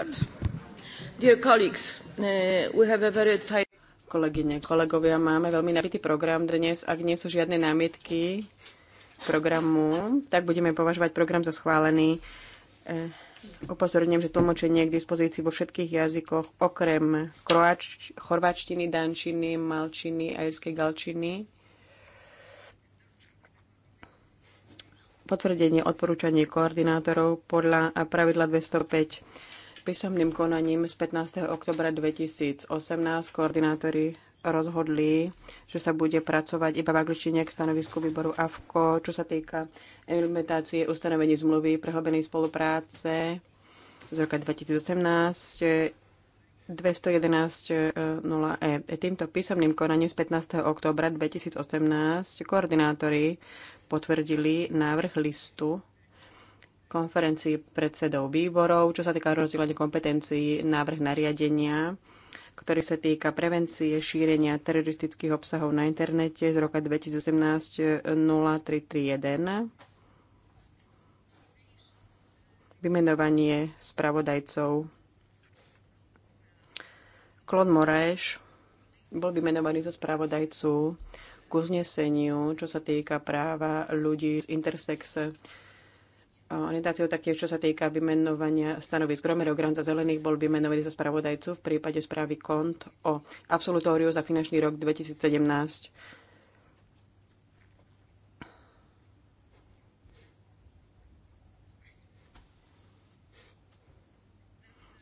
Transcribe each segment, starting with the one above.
Uh, very... Kolegyne, kolegovia, máme veľmi nabitý program dnes. Ak nie sú žiadne námietky programu, tak budeme považovať program za schválený. Eh, upozorňujem, že tlmočenie je k dispozícii vo všetkých jazykoch, okrem kroač, chorváčtiny, dančiny, malčiny a irskej galčiny. potvrdenie odporúčanie koordinátorov podľa pravidla 205 písomným konaním z 15. oktobra 2018 koordinátori rozhodli, že sa bude pracovať iba v angličtine k stanovisku výboru AFKO, čo sa týka implementácie ustanovení zmluvy prehlbenej spolupráce z roka 2018 211.0E. Týmto písomným konaním z 15. oktobra 2018 koordinátori potvrdili návrh listu konferencii predsedov výborov, čo sa týka rozdielania kompetencií návrh nariadenia, ktorý sa týka prevencie šírenia teroristických obsahov na internete z roka 2018 0331. Vymenovanie spravodajcov Klon Moraes bol vymenovaný zo spravodajcu k uzneseniu, čo sa týka práva ľudí z intersex orientáciou taktiež, čo sa týka vymenovania stanovisk Romero Grant za zelených, bol vymenovaný za spravodajcu v prípade správy kont o absolutóriu za finančný rok 2017.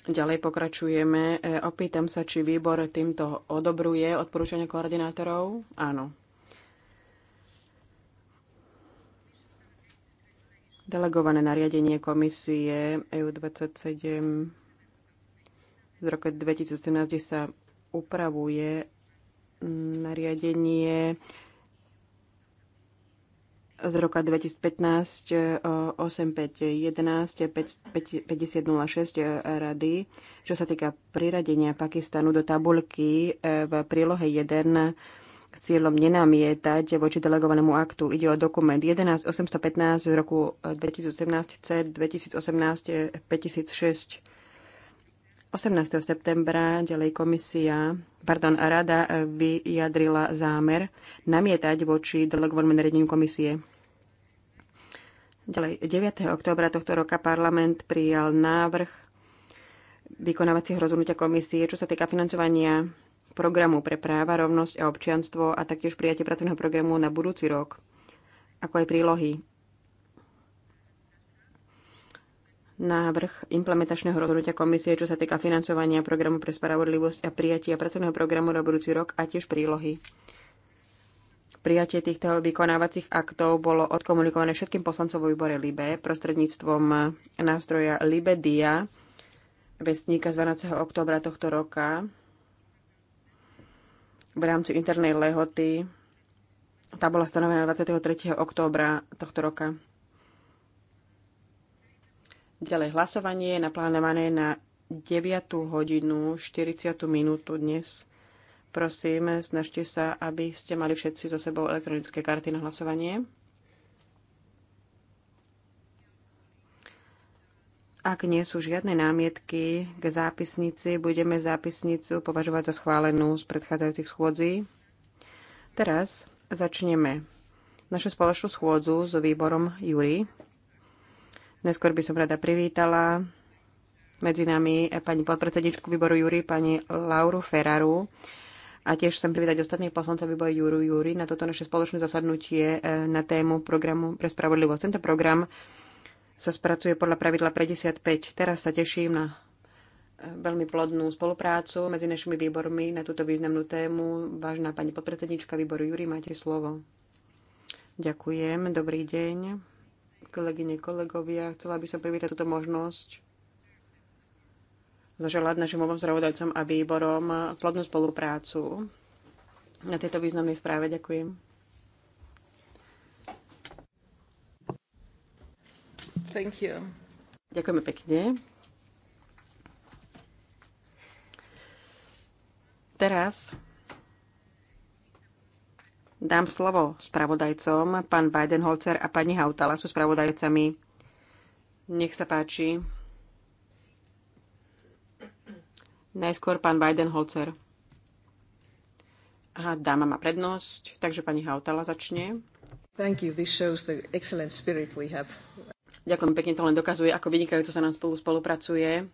Ďalej pokračujeme. E, opýtam sa, či výbor týmto odobruje odporúčania koordinátorov? Áno. Delegované nariadenie komisie EU27 z roku 2017 sa upravuje nariadenie z roka 2015 8511 5006 rady, čo sa týka priradenia Pakistanu do tabulky e, v prílohe 1 cieľom nenamietať voči delegovanému aktu. Ide o dokument 11815 z roku 2017 e, C 2018 5006. 18. septembra ďalej komisia, pardon, rada e, vyjadrila zámer namietať voči delegovanému nariadeniu komisie. Ďalej, 9. októbra tohto roka parlament prijal návrh vykonávacieho rozhodnutia komisie, čo sa týka financovania programu pre práva, rovnosť a občianstvo a taktiež prijatie pracovného programu na budúci rok, ako aj prílohy. Návrh implementačného rozhodnutia komisie, čo sa týka financovania programu pre spravodlivosť a prijatia pracovného programu na budúci rok a tiež prílohy. Prijatie týchto vykonávacích aktov bolo odkomunikované všetkým poslancom vo výbore LIBE prostredníctvom nástroja LIBE DIA, vestníka z 12. oktobra tohto roka v rámci internej lehoty. Tá bola stanovená 23. októbra tohto roka. Ďalej hlasovanie je naplánované na 9. hodinu 40. minútu dnes. Prosím, snažte sa, aby ste mali všetci so sebou elektronické karty na hlasovanie. Ak nie sú žiadne námietky k zápisnici, budeme zápisnicu považovať za schválenú z predchádzajúcich schôdzí. Teraz začneme našu spoločnú schôdzu s výborom Júri. Neskôr by som rada privítala medzi nami pani podpredsedničku výboru Júri, pani Lauru Ferraru. A tiež chcem privítať ostatných poslancov výboru Júru Júri na toto naše spoločné zasadnutie eh, na tému programu pre spravodlivosť. Tento program sa spracuje podľa pravidla 55. Teraz sa teším na e, veľmi plodnú spoluprácu medzi našimi výbormi na túto významnú tému. Vážená pani podpredsednička výboru Júri, máte slovo. Ďakujem, dobrý deň. Kolegyne, kolegovia, chcela by som privítať túto možnosť zaželať našim obom zdravodajcom a výborom plodnú spoluprácu na tejto významnej správe. Ďakujem. Thank you. Ďakujeme pekne. Teraz dám slovo spravodajcom. Pán Weidenholzer a pani Hautala sú spravodajcami. Nech sa páči. Najskôr pán Weidenholzer. Aha, dáma má prednosť, takže pani Hautala začne. Thank you. This shows the excellent spirit we have. Ďakujem pekne, to len dokazuje, ako vynikajúco sa nám spolu spolupracuje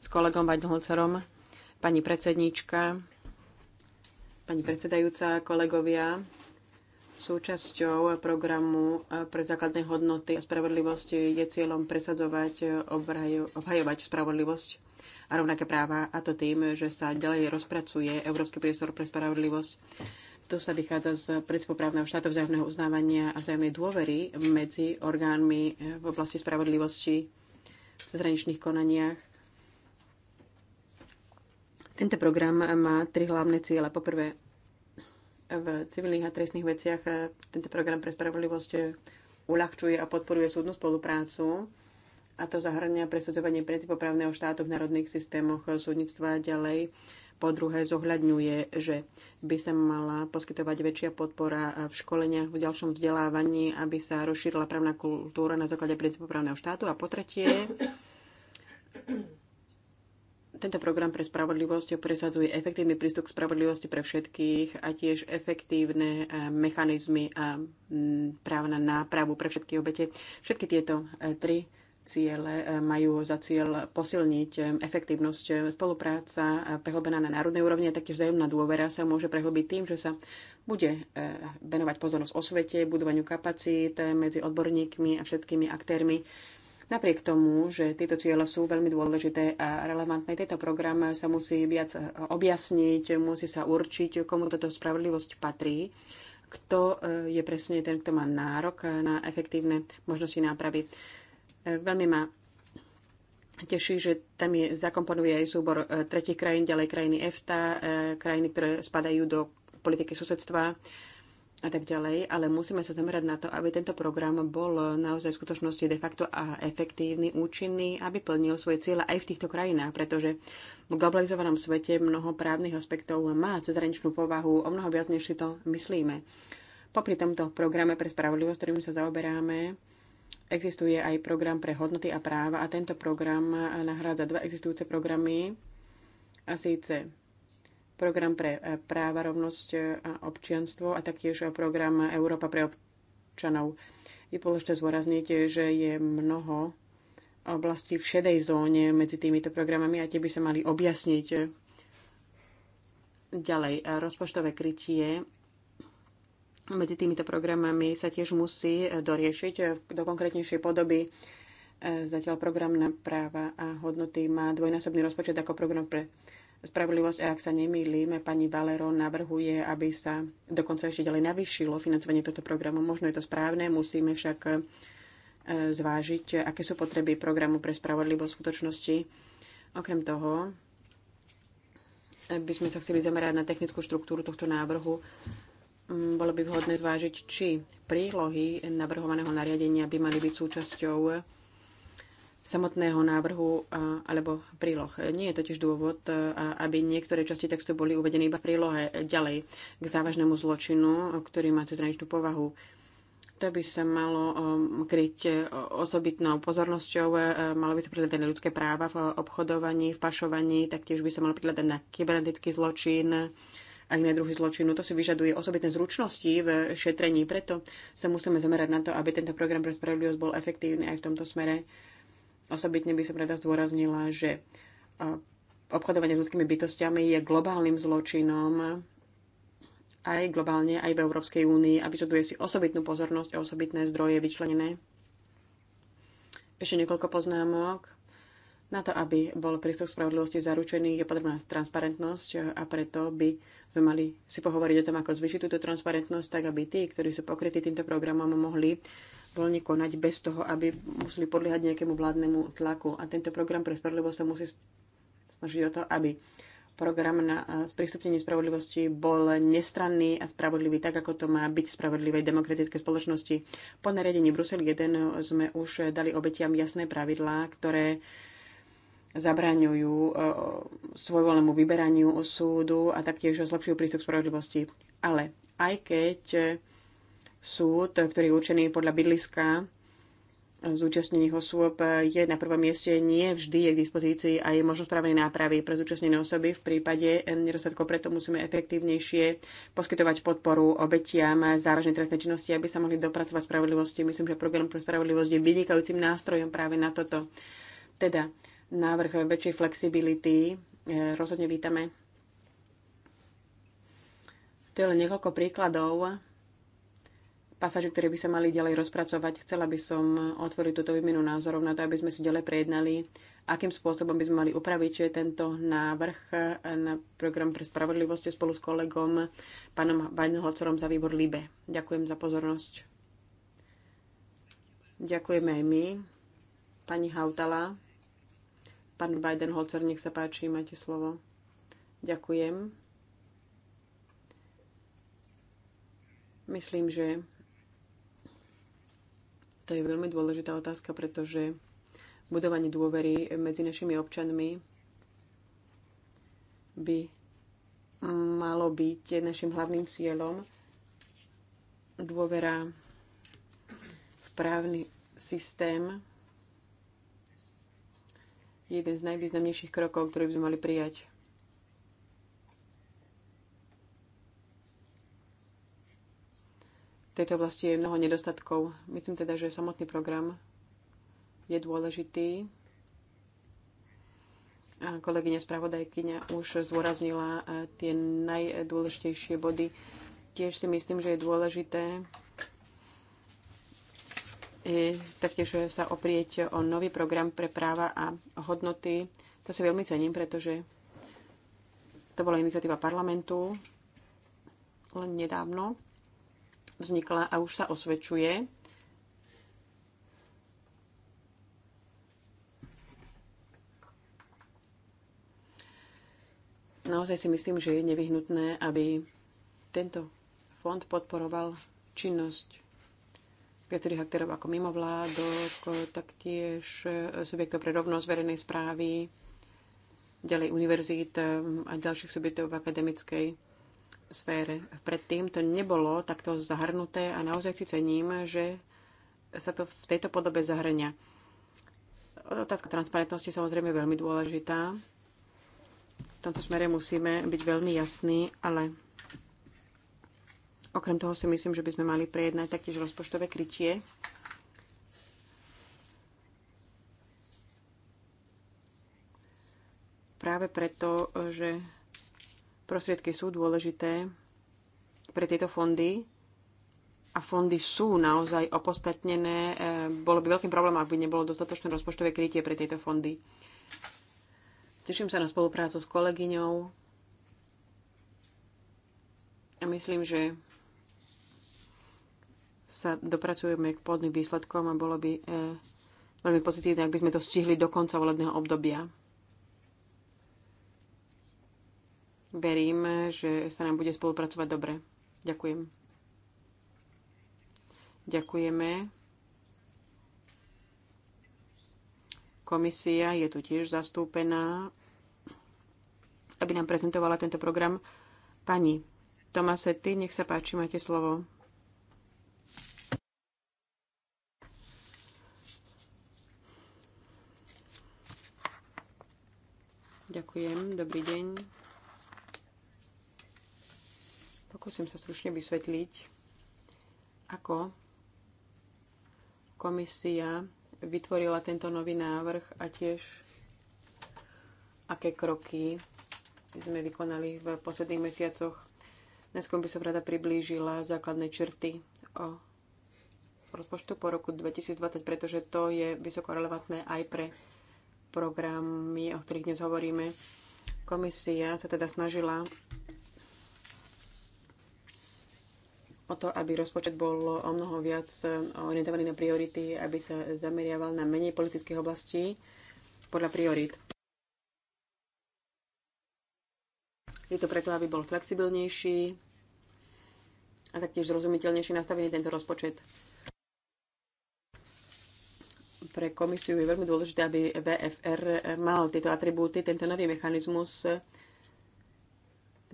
s kolegom Vajdholcerom, pani predsednička, pani predsedajúca, kolegovia. Súčasťou programu pre základné hodnoty a spravodlivosť je cieľom presadzovať, obhajovať spravodlivosť a rovnaké práva, a to tým, že sa ďalej rozpracuje Európsky priestor pre spravodlivosť to sa vychádza z predskoprávneho štátu vzájomného uznávania a vzájomnej dôvery medzi orgánmi eh, v oblasti spravodlivosti v zahraničných konaniach. Tento program má tri hlavné ciele. Poprvé, v civilných a trestných veciach eh, tento program pre spravodlivosť eh, uľahčuje a podporuje súdnu spoluprácu a to zahrania presadzovanie princípov právneho štátu v národných systémoch súdnictva ďalej po druhé, zohľadňuje, že by sa mala poskytovať väčšia podpora v školeniach, v ďalšom vzdelávaní, aby sa rozšírila právna kultúra na základe princípu právneho štátu. A po tretie, tento program pre spravodlivosť presadzuje efektívny prístup k spravodlivosti pre všetkých a tiež efektívne e, mechanizmy a práva na nápravu pre všetky obete. Všetky tieto e, tri ciele e, majú za cieľ posilniť e, efektívnosť e, spolupráca prehlbená na národnej úrovni a taktiež vzájomná dôvera sa môže prehlbiť tým, že sa bude venovať pozornosť o svete, budovaniu kapacít medzi odborníkmi a všetkými aktérmi. Napriek tomu, že tieto ciele sú veľmi dôležité a relevantné, tento program sa musí viac objasniť, musí sa určiť, komu toto spravodlivosť patrí kto je presne ten, kto má nárok na efektívne možnosti nápravy. E, veľmi ma teší, že tam je, zakomponuje aj súbor e, tretich krajín, ďalej krajiny EFTA, e, krajiny, ktoré spadajú do politiky susedstva a tak ďalej, ale musíme sa zamerať na to, aby tento program bol naozaj v skutočnosti de facto a efektívny, účinný, aby plnil svoje cieľa aj v týchto krajinách, pretože v globalizovanom svete mnoho právnych aspektov má cezhraničnú povahu, o mnoho viac, než si to myslíme. Popri tomto programe pre spravodlivosť, ktorým sa zaoberáme, Existuje aj program pre hodnoty a práva a tento program nahrádza dva existujúce programy a síce program pre e, práva, rovnosť e, a občianstvo a taktiež e, program Európa pre občanov. Je položte zvorazniť, že je mnoho oblastí v šedej zóne medzi týmito programami a tie by sa mali objasniť. Ďalej, rozpočtové krytie medzi týmito programami sa tiež musí e, doriešiť e, do konkrétnejšej podoby. E, zatiaľ program na práva a hodnoty má dvojnásobný rozpočet ako program pre spravodlivosť. A ak sa nemýlime, pani Valero navrhuje, aby sa dokonca ešte ďalej navýšilo financovanie tohto programu. Možno je to správne, musíme však zvážiť, aké sú potreby programu pre spravodlivosť v skutočnosti. Okrem toho, by sme sa chceli zamerať na technickú štruktúru tohto návrhu Mm, bolo by vhodné zvážiť, či prílohy navrhovaného nariadenia by mali byť súčasťou samotného návrhu alebo príloh. Nie je totiž dôvod, aby niektoré časti textu boli uvedené iba v prílohe ďalej k závažnému zločinu, ktorý má cezhraničnú povahu. To by sa malo kryť osobitnou pozornosťou, e, malo by sa prihľadať na ľudské práva v obchodovaní, v pašovaní, taktiež by sa malo prihľadať na kybernetický zločin, a iné druhy zločinu. To si vyžaduje osobitné zručnosti v šetrení. Preto sa musíme zamerať na to, aby tento program pre spravodlivosť bol efektívny aj v tomto smere. Osobitne by som rada zdôraznila, že obchodovanie s ľudskými bytostiami je globálnym zločinom aj globálne, aj v Európskej únii a vyžaduje si osobitnú pozornosť a osobitné zdroje vyčlenené. Ešte niekoľko poznámok na to, aby bol prístup spravodlivosti zaručený, je potrebná transparentnosť a preto by sme mali si pohovoriť o tom, ako zvyšiť túto transparentnosť, tak aby tí, ktorí sú pokrytí týmto programom, mohli voľne konať bez toho, aby museli podliehať nejakému vládnemu tlaku. A tento program pre spravodlivosť sa musí snažiť o to, aby program na sprístupnenie spravodlivosti bol nestranný a spravodlivý, tak ako to má byť v spravodlivej demokratickej spoločnosti. Po nariadení Brusel 1 sme už dali obetiam jasné pravidlá, ktoré zabraňujú e, svojvolnému vyberaniu súdu a taktiež zlepšujú prístup k spravodlivosti. Ale aj keď e, súd, ktorý je určený podľa bydliska e, zúčastnených osôb, je na prvom mieste, nie vždy je k dispozícii a je možnosť právnej nápravy pre zúčastnené osoby. V prípade nedostatkov preto musíme efektívnejšie poskytovať podporu obetiam závažnej trestnej činnosti, aby sa mohli dopracovať spravodlivosti. Myslím, že program pre spravodlivosť je vynikajúcim nástrojom práve na toto. Teda návrh väčšej flexibility e, rozhodne vítame. To je len niekoľko príkladov pasáže, ktoré by sa mali ďalej rozpracovať. Chcela by som otvoriť túto výmenu názorov na to, aby sme si ďalej prejednali, akým spôsobom by sme mali upraviť tento návrh na program pre spravodlivosť spolu s kolegom pánom Vajnhocorom za výbor LIBE. Ďakujem za pozornosť. Ďakujeme aj my. Pani Hautala. Pán Weidenholzer, nech sa páči, máte slovo. Ďakujem. Myslím, že to je veľmi dôležitá otázka, pretože budovanie dôvery medzi našimi občanmi by malo byť našim hlavným cieľom. Dôvera v právny systém jeden z najvýznamnejších krokov, ktorý by sme mali prijať. V tejto oblasti je mnoho nedostatkov. Myslím teda, že samotný program je dôležitý. A kolegyňa spravodajkyňa už zdôraznila eh, tie najdôležitejšie body. Tiež si myslím, že je dôležité taktiež sa oprieť o nový program pre práva a hodnoty. To si veľmi cením, pretože to bola iniciatíva parlamentu len nedávno vznikla a už sa osvedčuje. Naozaj si myslím, že je nevyhnutné, aby tento fond podporoval činnosť viacerých aktérov ako mimovládok, e, taktiež e, subjektov pre rovnosť verejnej správy, ďalej univerzít e, a ďalších subjektov v akademickej sfére. Predtým to nebolo takto zahrnuté a naozaj si cením, že sa to v tejto podobe zahrňa. Otázka transparentnosti samozrejme veľmi dôležitá. V tomto smere musíme byť veľmi jasní, ale Okrem toho si myslím, že by sme mali prejednať taktiež rozpočtové krytie. Práve preto, že prostriedky sú dôležité pre tieto fondy a fondy sú naozaj opostatnené. Eh, bolo by veľkým problémom, ak by nebolo dostatočné rozpočtové krytie pre tieto fondy. Teším sa na spoluprácu s kolegyňou a myslím, že sa dopracujeme k pôdnym výsledkom a bolo by e, veľmi pozitívne, ak by sme to stihli do konca volebného obdobia. Verím, že sa nám bude spolupracovať dobre. Ďakujem. Ďakujeme. Komisia je tu tiež zastúpená, aby nám prezentovala tento program. Pani Tomasetti, nech sa páči, máte slovo. Ďakujem, dobrý deň. Pokúsim sa stručne vysvetliť, ako komisia vytvorila tento nový návrh a tiež aké kroky sme vykonali v posledných mesiacoch. Dnes by som rada priblížila základné črty o rozpočtu po roku 2020, pretože to je vysoko relevantné aj pre programy, o ktorých dnes hovoríme. Komisia sa teda snažila o to, aby rozpočet bol o mnoho viac orientovaný na priority, aby sa zameriaval na menej politických oblastí podľa priorit. Je to preto, aby bol flexibilnejší a taktiež zrozumiteľnejší nastavený tento rozpočet. Pre komisiu je veľmi dôležité, aby VFR mal tieto atribúty. Tento nový mechanizmus eh,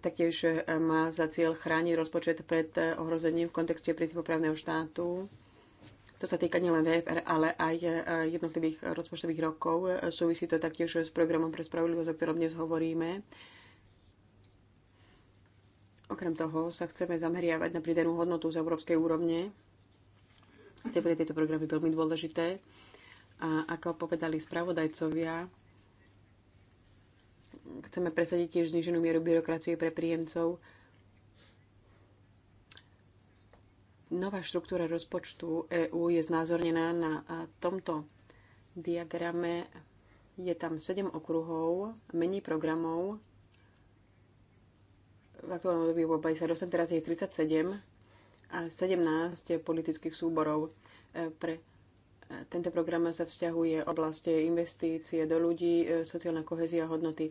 taktiež eh, má za cieľ chrániť rozpočet pred eh, ohrozením v kontexte princípu právneho štátu. To sa týka nielen VFR, ale aj jednotlivých rozpočtových rokov. Súvisí to taktiež s programom pre spravodlivosť, o ktorom dnes hovoríme. Okrem toho sa chceme zameriavať na pridanú hodnotu z európskej úrovne. To tieto programy veľmi dôležité. A ako povedali spravodajcovia, chceme presadiť tiež zniženú mieru byrokracie pre príjemcov. Nová štruktúra rozpočtu EÚ je znázornená na tomto diagrame. Je tam 7 okruhov, mení programov. V aktuálnom období bolo 58, teraz je 37 a 17 politických súborov e, pre tento program sa vzťahuje oblasti investície do ľudí, e, sociálna kohezia hodnoty.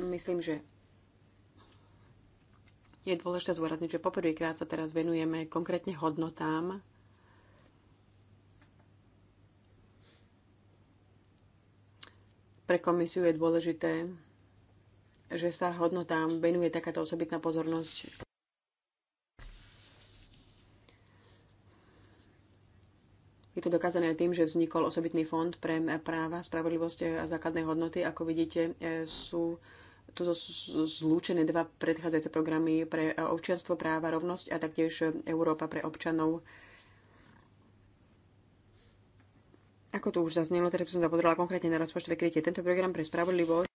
Myslím, že je dôležité zúrazniť, že poprvýkrát sa teraz venujeme konkrétne hodnotám. Pre komisiu je dôležité, že sa hodnotám venuje takáto osobitná pozornosť. Je to dokázané tým, že vznikol osobitný fond pre práva, spravodlivosť a základné hodnoty. Ako vidíte, e, sú to zlúčené dva predchádzajúce programy pre e, občianstvo, práva, rovnosť a taktiež Európa pre občanov. Ako to už zaznelo, teda som sa konkrétne na rozpočtové krytie. Tento program pre spravodlivosť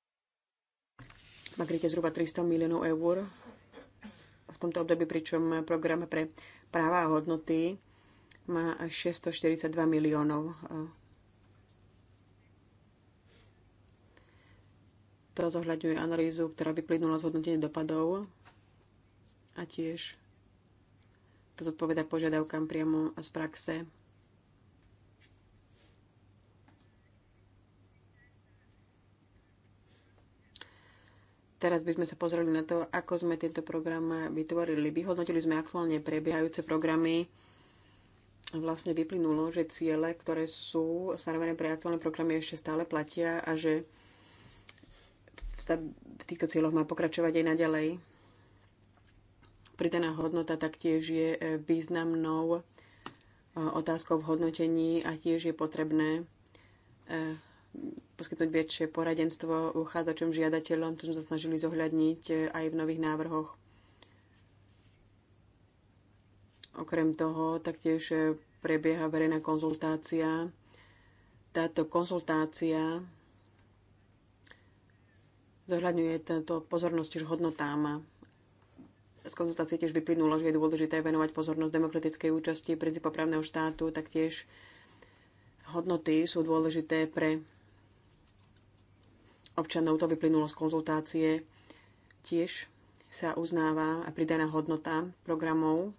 má krytie zhruba 300 miliónov eur v tomto období, pričom program pre práva a hodnoty má 642 miliónov. E, to zohľadňuje analýzu, ktorá vyplynula z hodnotenia dopadov a tiež to zodpoveda požiadavkám priamo a z praxe. Teraz by sme sa pozreli na to, ako sme tento program vytvorili. Vyhodnotili sme aktuálne prebiehajúce programy, vlastne vyplynulo, že ciele, ktoré sú stanovené pre aktuálne programy, ešte stále platia a že v týchto cieľoch má pokračovať aj naďalej. Pridaná hodnota taktiež je e, významnou e, otázkou v hodnotení a tiež je potrebné e, poskytnúť väčšie poradenstvo uchádzačom, žiadateľom. To sme sa snažili zohľadniť aj v nových návrhoch Okrem toho taktiež prebieha verejná konzultácia. Táto konzultácia zohľadňuje tento pozornosť tiež hodnotám. Z konzultácie tiež vyplynulo, že je dôležité venovať pozornosť demokratickej účasti, princípa právneho štátu, taktiež hodnoty sú dôležité pre občanov. To vyplynulo z konzultácie. Tiež sa uznáva a pridaná hodnota programov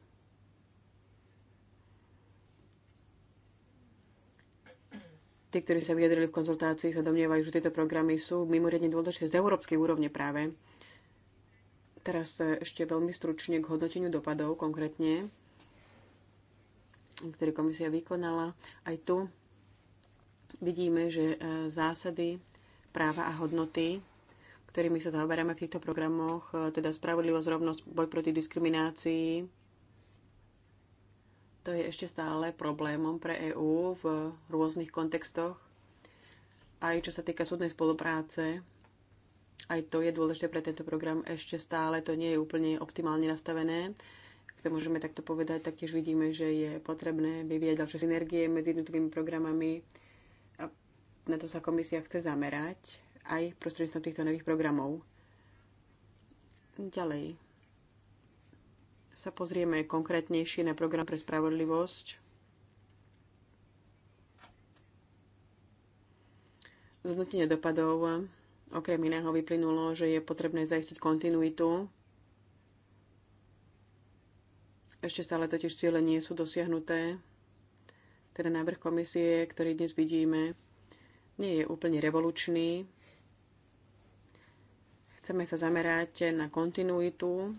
Tí, ktorí sa vyjadrili v konzultácii, sa domnievajú, že tieto programy sú mimoriadne dôležité z európskej úrovne práve. Teraz ešte veľmi stručne k hodnoteniu dopadov konkrétne, ktoré komisia vykonala. Aj tu vidíme, že e, zásady, práva a hodnoty, ktorými sa zaoberáme v týchto programoch, e, teda spravodlivosť, rovnosť, boj proti diskriminácii, to je ešte stále problémom pre EÚ v rôznych kontextoch, aj čo sa týka súdnej spolupráce. Aj to je dôležité pre tento program. Ešte stále to nie je úplne optimálne nastavené. Ak to môžeme takto povedať, tiež vidíme, že je potrebné vyvíjať ďalšie synergie medzi jednotlivými programami. A na to sa komisia chce zamerať aj prostredníctvom týchto nových programov. Ďalej sa pozrieme konkrétnejšie na program pre spravodlivosť, zhodnotenie dopadov okrem iného vyplynulo, že je potrebné zaistiť kontinuitu. Ešte stále totiž ciele nie sú dosiahnuté. Teda návrh komisie, ktorý dnes vidíme, nie je úplne revolučný. Chceme sa zamerať na kontinuitu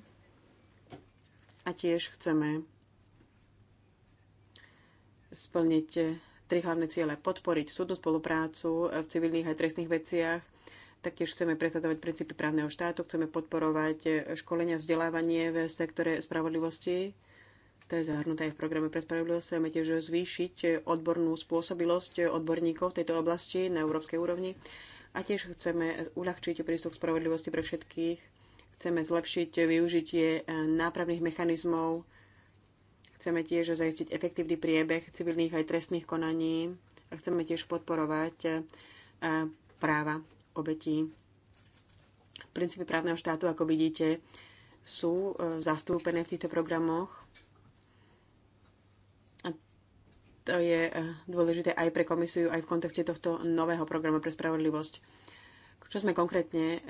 a tiež chceme splniť eh, tri hlavné ciele. Podporiť súdnu spoluprácu eh, v civilných aj trestných veciach. Taktiež chceme presadzovať princípy právneho štátu. Chceme podporovať eh, školenia, vzdelávanie v sektore spravodlivosti. To je zahrnuté aj v programe pre spravodlivosť. Chceme tiež zvýšiť odbornú spôsobilosť odborníkov v tejto oblasti na európskej úrovni. A tiež chceme uľahčiť prístup k spravodlivosti pre všetkých Chceme zlepšiť využitie eh, nápravných mechanizmov. Chceme tiež zaistiť efektívny priebeh civilných aj trestných konaní a chceme tiež podporovať eh, práva obetí. Princípy právneho štátu, ako vidíte, sú eh, zastúpené v týchto programoch. A to je dôležité aj pre komisiu, aj v kontexte tohto nového programu pre spravodlivosť. Čo sme konkrétne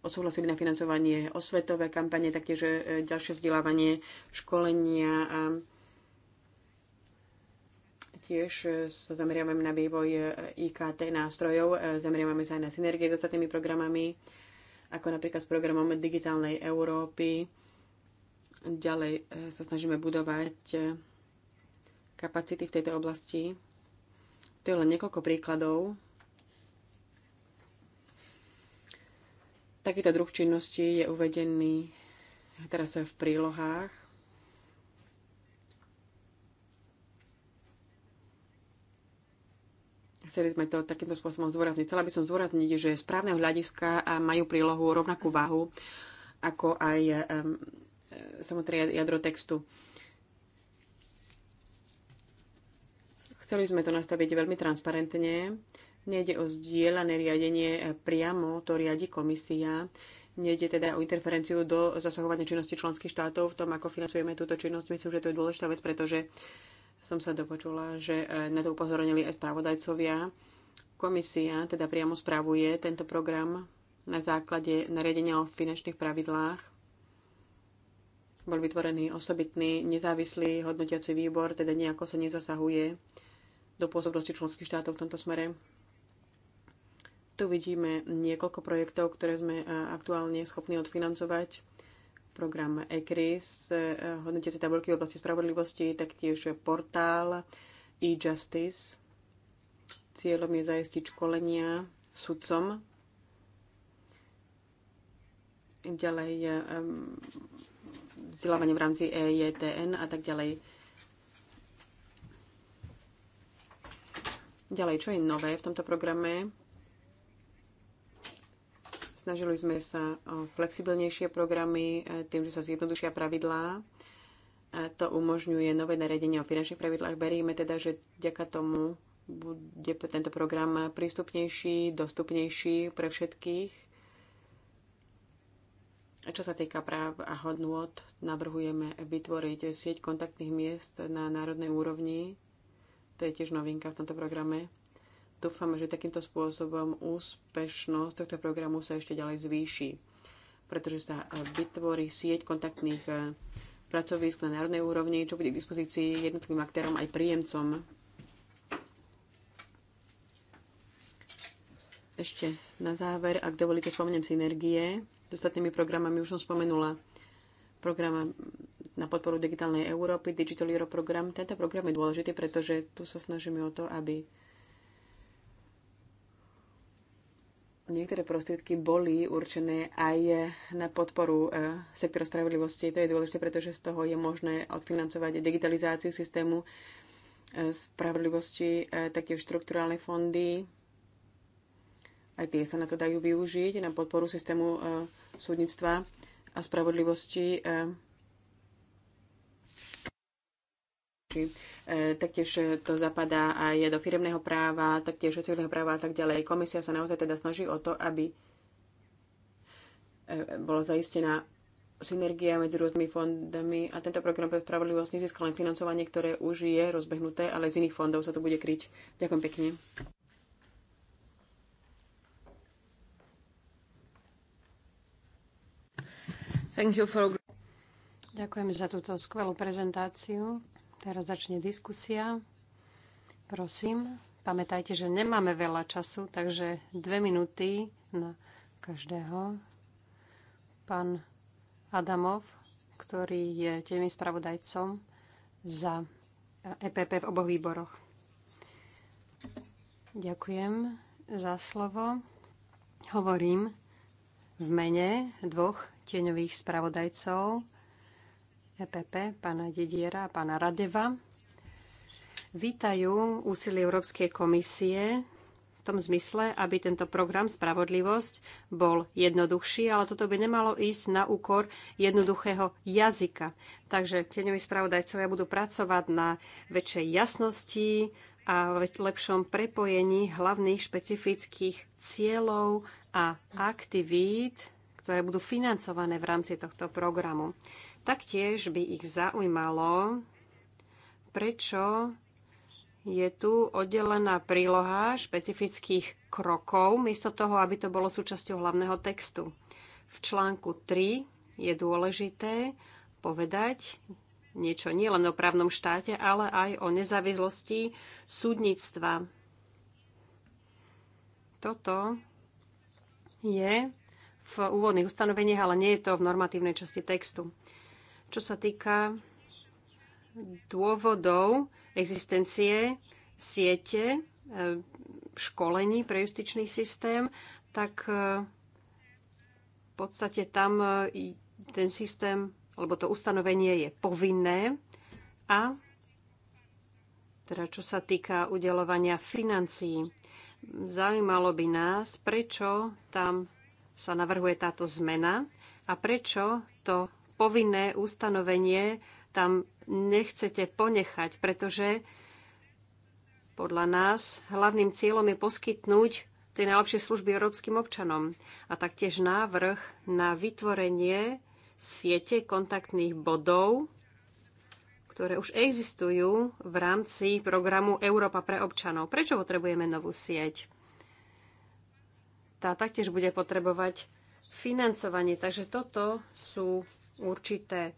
odsúhlasili na financovanie osvetové kampane, taktiež e, ďalšie vzdelávanie, školenia a tiež e, sa zameriavame na vývoj e, IKT nástrojov, zameriavame sa aj na synergie s ostatnými programami, ako napríklad s programom Digitálnej Európy. Ďalej sa snažíme budovať kapacity v tejto oblasti. To je len niekoľko príkladov Takýto druh činnosti je uvedený teraz v prílohách. Chceli sme to takýmto spôsobom zdôrazniť. Chcela by som zdôrazniť, že správne hľadiska majú prílohu rovnakú váhu ako aj um, samotné jadro textu. Chceli sme to nastaviť veľmi transparentne Nejde o zdieľané riadenie, priamo to riadi komisia. Nejde teda o interferenciu do zasahovania činnosti členských štátov v tom, ako financujeme túto činnosť. Myslím, že to je dôležitá vec, pretože som sa dopočula, že e, na to upozornili aj spravodajcovia. Komisia teda priamo spravuje tento program na základe nariadenia o finančných pravidlách. Bol vytvorený osobitný nezávislý hodnotiaci výbor, teda nejako sa nezasahuje do pôsobnosti členských štátov v tomto smere. Tu vidíme niekoľko projektov, ktoré sme e, aktuálne schopní odfinancovať. Program ECRIS, e, hodnotiace tabulky v oblasti spravodlivosti, taktiež portál e-justice. Cieľom je zajistiť školenia sudcom. Ďalej e, vzdelávanie v rámci EJTN a tak ďalej. Ďalej, čo je nové v tomto programe? Snažili sme sa o flexibilnejšie programy e, tým, že sa zjednodušia pravidlá. A e, to umožňuje nové nariadenie o finančných pravidlách. Veríme teda, že vďaka tomu bude tento program prístupnejší, dostupnejší pre všetkých. A čo sa týka práv a hodnôt, navrhujeme vytvoriť sieť kontaktných miest na národnej úrovni. To je tiež novinka v tomto programe. Dúfam, že takýmto spôsobom úspešnosť tohto programu sa ešte ďalej zvýši, pretože sa vytvorí sieť kontaktných eh, pracovisk na národnej úrovni, čo bude k dispozícii jednotlivým aktérom aj príjemcom. Ešte na záver, ak dovolíte, spomeniem synergie. S ostatnými programami už som spomenula program na podporu digitálnej Európy, Digital Euro program. Tento program je dôležitý, pretože tu sa snažíme o to, aby niektoré prostriedky boli určené aj na podporu e, sektora spravodlivosti. To je dôležité, pretože z toho je možné odfinancovať digitalizáciu systému e, spravodlivosti, e, taktiež štrukturálne fondy. Aj tie sa na to dajú využiť, na podporu systému súdnictva a spravodlivosti. E, taktiež to zapadá aj do firemného práva, taktiež do civilného práva a tak ďalej. Komisia sa naozaj teda snaží o to, aby e, bola zaistená synergia medzi rôznymi fondami a tento program pre spravodlivosť nezískal len financovanie, ktoré už je rozbehnuté, ale z iných fondov sa to bude kryť. Ďakujem pekne. Thank you for... Ďakujem za túto skvelú prezentáciu. Teraz začne diskusia. Prosím, pamätajte, že nemáme veľa času, takže dve minúty na každého. Pán Adamov, ktorý je tým spravodajcom za EPP v oboch výboroch. Ďakujem za slovo. Hovorím v mene dvoch tieňových spravodajcov EPP, pána Dediera a pána Radeva. Vítajú úsilie Európskej komisie v tom zmysle, aby tento program Spravodlivosť bol jednoduchší, ale toto by nemalo ísť na úkor jednoduchého jazyka. Takže tieňoví spravodajcovia budú pracovať na väčšej jasnosti a lepšom prepojení hlavných špecifických cieľov a aktivít, ktoré budú financované v rámci tohto programu. Taktiež by ich zaujímalo, prečo je tu oddelená príloha špecifických krokov, miesto toho, aby to bolo súčasťou hlavného textu. V článku 3 je dôležité povedať niečo nielen o právnom štáte, ale aj o nezávislosti súdnictva. Toto je v úvodných ustanoveniach, ale nie je to v normatívnej časti textu. Čo sa týka dôvodov existencie siete e, školení pre justičný systém, tak e, v podstate tam e, ten systém alebo to ustanovenie je povinné a teda čo sa týka udelovania financií. Zaujímalo by nás, prečo tam sa navrhuje táto zmena a prečo to povinné ustanovenie tam nechcete ponechať, pretože podľa nás hlavným cieľom je poskytnúť tie najlepšie služby európskym občanom a taktiež návrh na vytvorenie siete kontaktných bodov, ktoré už existujú v rámci programu Európa pre občanov. Prečo potrebujeme novú sieť? Tá taktiež bude potrebovať financovanie. Takže toto sú určité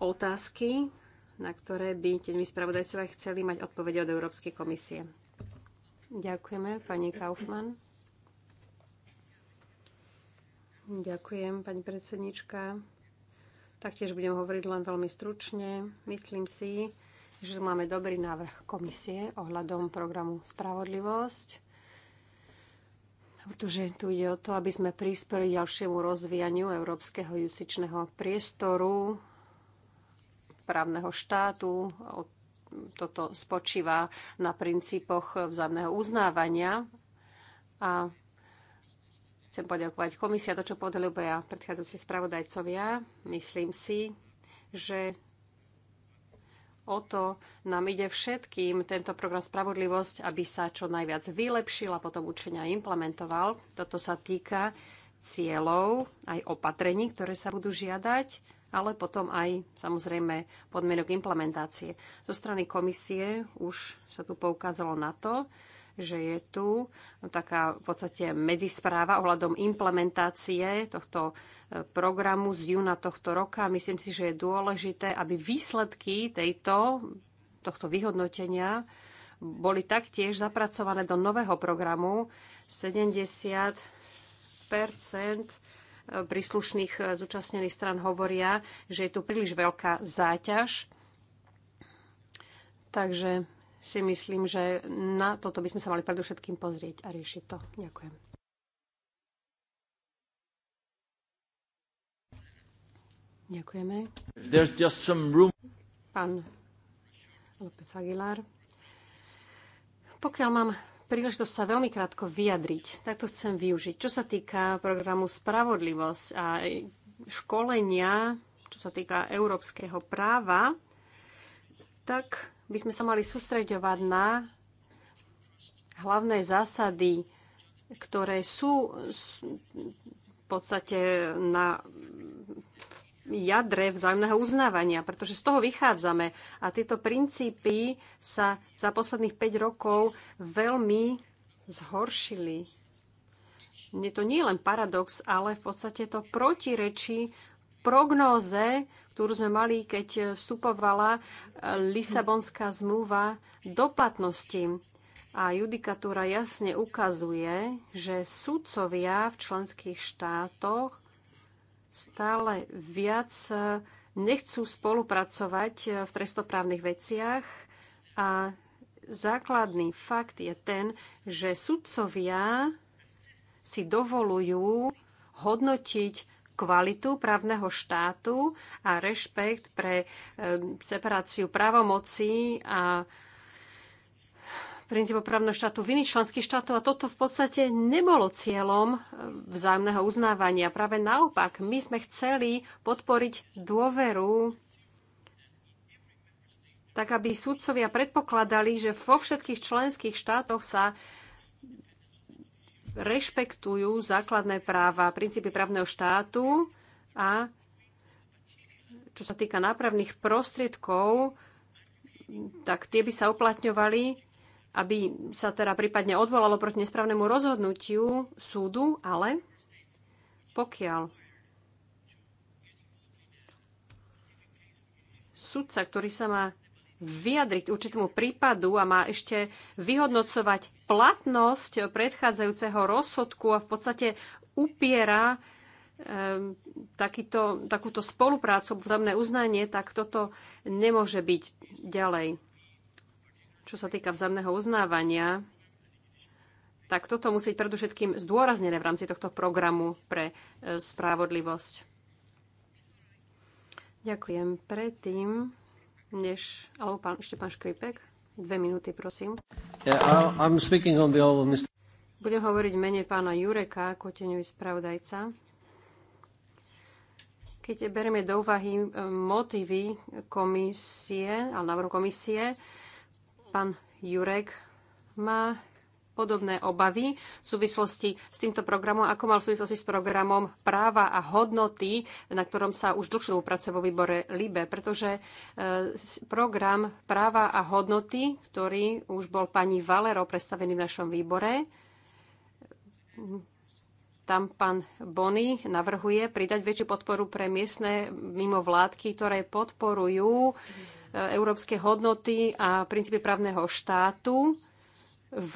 otázky, na ktoré by tými spravodajcovia chceli mať odpovede od Európskej komisie. Ďakujeme, pani Kaufmann. Ďakujem, pani predsednička. Taktiež budem hovoriť len veľmi stručne. Myslím si, že máme dobrý návrh komisie ohľadom programu Spravodlivosť pretože tu ide o to, aby sme prispeli ďalšiemu rozvíjaniu európskeho justičného priestoru, právneho štátu. Toto spočíva na princípoch vzájomného uznávania. A chcem poďakovať komisia, to, čo podľúbia predchádzajúci spravodajcovia. Myslím si, že O to nám ide všetkým tento program Spravodlivosť, aby sa čo najviac vylepšil a potom učenia implementoval. Toto sa týka cieľov, aj opatrení, ktoré sa budú žiadať, ale potom aj samozrejme podmienok implementácie. Zo strany komisie už sa tu poukázalo na to, že je tu taká v podstate medzispráva ohľadom implementácie tohto e, programu z júna tohto roka. Myslím si, že je dôležité, aby výsledky tejto, tohto vyhodnotenia boli taktiež zapracované do nového programu 70 e, príslušných e, zúčastnených stran hovoria, že je tu príliš veľká záťaž. Takže si myslím, že na toto by sme sa mali predovšetkým pozrieť a riešiť to. Ďakujem. Ďakujeme. Pán López Aguilar. Pokiaľ mám príležitosť sa veľmi krátko vyjadriť, tak to chcem využiť. Čo sa týka programu Spravodlivosť a školenia, čo sa týka európskeho práva, tak by sme sa mali sústreďovať na hlavné zásady, ktoré sú v podstate na jadre vzájomného uznávania, pretože z toho vychádzame. A tieto princípy sa za posledných 5 rokov veľmi zhoršili. Je to nie len paradox, ale v podstate to protirečí prognóze, ktorú sme mali, keď vstupovala eh, Lisabonská zmluva do platnosti. A judikatúra jasne ukazuje, že sudcovia v členských štátoch stále viac eh, nechcú spolupracovať eh, v trestoprávnych veciach a základný fakt je ten, že sudcovia si dovolujú hodnotiť kvalitu právneho štátu a rešpekt pre e, separáciu právomocí a princípu právneho štátu v iných členských štátov a toto v podstate nebolo cieľom e, vzájomného uznávania. Práve naopak, my sme chceli podporiť dôveru tak aby sudcovia predpokladali, že vo všetkých členských štátoch sa rešpektujú základné práva, princípy právneho štátu a čo sa týka nápravných prostriedkov, tak tie by sa uplatňovali, aby sa teda prípadne odvolalo proti nesprávnemu rozhodnutiu súdu, ale pokiaľ sudca, ktorý sa má vyjadriť určitému prípadu a má ešte vyhodnocovať platnosť predchádzajúceho rozsudku a v podstate upiera ehm, takýto, takúto spoluprácu, vzájomné uznanie, tak toto nemôže byť ďalej. Čo sa týka vzájomného uznávania, tak toto musí byť predovšetkým zdôraznené v rámci tohto programu pre e, spravodlivosť. Ďakujem. Predtým, než... Alebo pán, ešte pán Škripek. Dve minúty, prosím. Yeah, I'm speaking on behalf of Mr. Bude hovoriť mene pána Jureka, koteňový spravodajca. Keď berieme do úvahy e, motivy komisie, ale návrhu komisie, pán Jurek má podobné obavy v súvislosti s týmto programom, ako mal v súvislosti s programom práva a hodnoty, na ktorom sa už dlhšie upracuje vo výbore LIBE, pretože e, program práva a hodnoty, ktorý už bol pani Valero predstavený v našom výbore, tam pán Bony navrhuje pridať väčšiu podporu pre miestne mimovládky, ktoré podporujú e, európske hodnoty a princípy právneho štátu v,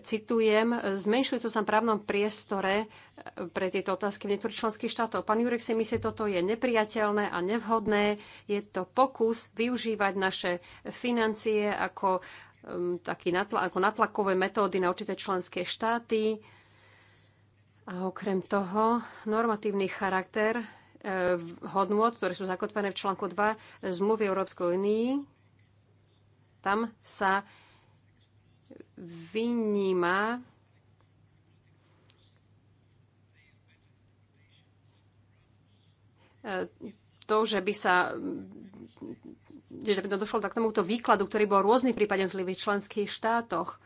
citujem, to sa právnom priestore eh, pre tieto otázky v niektorých členských štátoch. Pán Jurek si myslí, toto je nepriateľné a nevhodné. Je to pokus využívať naše financie ako, um, taký natla, ako natlakové metódy na určité členské štáty. A okrem toho, normatívny charakter eh, hodnôt, ktoré sú zakotvené v článku 2 zmluvy Európskej únii, tam sa vyníma to, že by sa že by to došlo tak tomuto výkladu, ktorý bol rôzny v prípade v členských štátoch.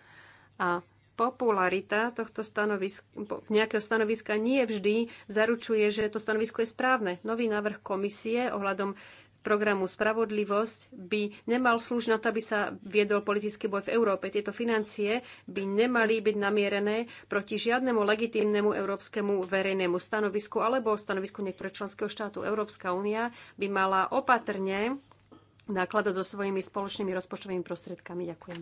A popularita tohto stanoviska, nejakého stanoviska nie vždy zaručuje, že to stanovisko je správne. Nový návrh komisie ohľadom programu Spravodlivosť by nemal slúžiť na to, aby sa viedol politický boj v Európe. Tieto financie by nemali byť namierené proti žiadnemu legitímnemu európskemu verejnému stanovisku alebo stanovisku niektorého členského štátu. Európska únia by mala opatrne nakladať so svojimi spoločnými rozpočtovými prostriedkami. Ďakujem.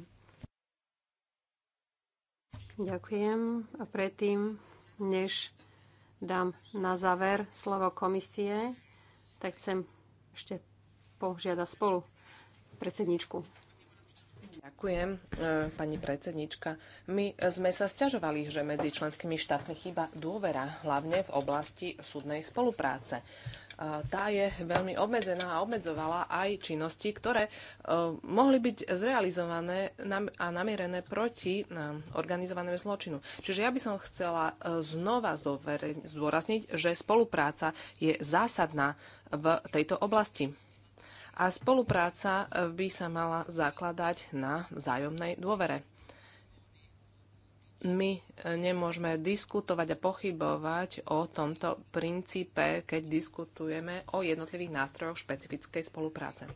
Ďakujem. A predtým, než dám na záver slovo komisie, tak chcem ešte požiada spolu predsedničku. Ďakujem, e, pani predsednička. My sme sa stiažovali, že medzi členskými štátmi chýba dôvera, hlavne v oblasti súdnej spolupráce. E, tá je veľmi obmedzená a obmedzovala aj činnosti, ktoré e, mohli byť zrealizované a namierené proti organizovanému zločinu. Čiže ja by som chcela znova zdôrazniť, že spolupráca je zásadná v tejto oblasti a spolupráca e, by sa mala zakladať na vzájomnej dôvere. My e, nemôžeme diskutovať a pochybovať o tomto princípe, keď diskutujeme o jednotlivých nástrojoch špecifickej spolupráce.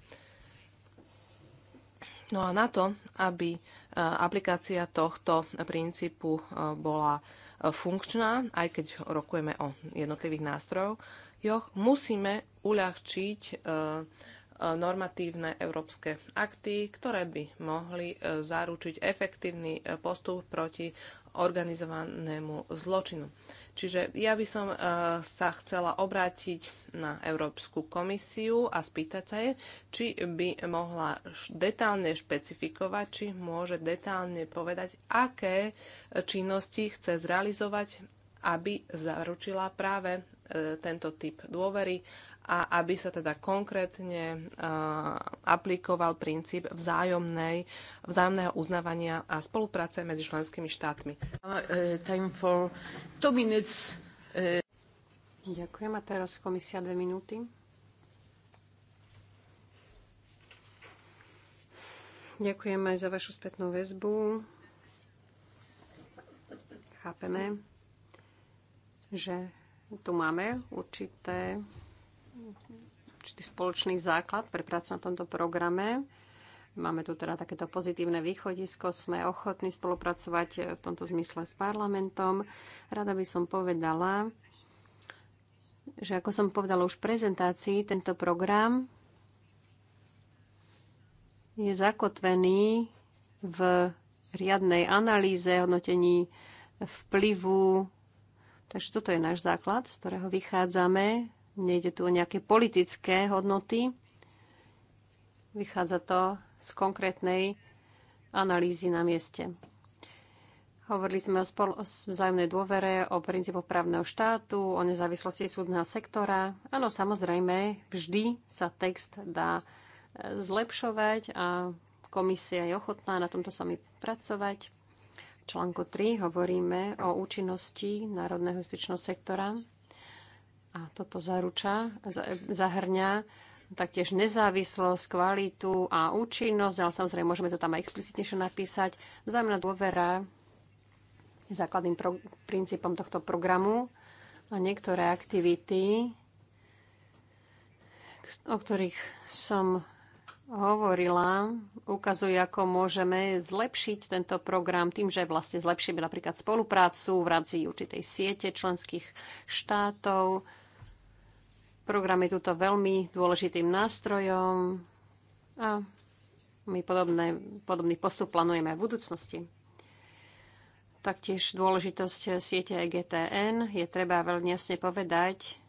No a na to, aby e, aplikácia tohto princípu bola funkčná, aj keď rokujeme o jednotlivých nástrojoch, musíme uľahčiť normatívne európske akty, ktoré by mohli e, zaručiť efektívny e, postup proti organizovanému zločinu. Čiže ja by som e, sa chcela obrátiť na Európsku komisiu a spýtať sa je, či by mohla detálne špecifikovať, či môže detálne povedať, aké činnosti chce zrealizovať, aby zaručila práve tento typ dôvery a aby sa teda konkrétne eh, aplikoval princíp vzájomnej, vzájomného uznávania a spolupráce medzi členskými štátmi. Eh, eh. Ďakujem. A teraz komisia dve minúty. Ďakujem aj za vašu spätnú väzbu. Chápeme, že tu máme určité určitý spoločný základ pre prácu na tomto programe. Máme tu teda takéto pozitívne východisko, sme ochotní spolupracovať v tomto zmysle s parlamentom. Rada by som povedala, že ako som povedala už v prezentácii, tento program je zakotvený v riadnej analýze, hodnotení vplyvu. Takže toto je náš základ, z ktorého vychádzame Nejde tu o nejaké politické hodnoty. Vychádza to z konkrétnej analýzy na mieste. Hovorili sme o, spol- o vzájomnej dôvere, o princípoch právneho štátu, o nezávislosti súdneho sektora. Áno, samozrejme, vždy sa text dá e, zlepšovať a komisia je ochotná na tomto sami pracovať. V článku 3 hovoríme o účinnosti Národného justičného sektora a toto zaruča, zahrňa taktiež nezávislosť, kvalitu a účinnosť, ale samozrejme môžeme to tam aj explicitnejšie napísať. Vzájomná dôvera je základným princípom tohto programu a niektoré aktivity, o ktorých som hovorila, ukazuje, ako môžeme zlepšiť tento program tým, že vlastne zlepšíme napríklad spoluprácu v rámci určitej siete členských štátov. Program je tuto veľmi dôležitým nástrojom a my podobné, podobný postup plánujeme aj v budúcnosti. Taktiež dôležitosť siete EGTN je treba veľmi jasne povedať,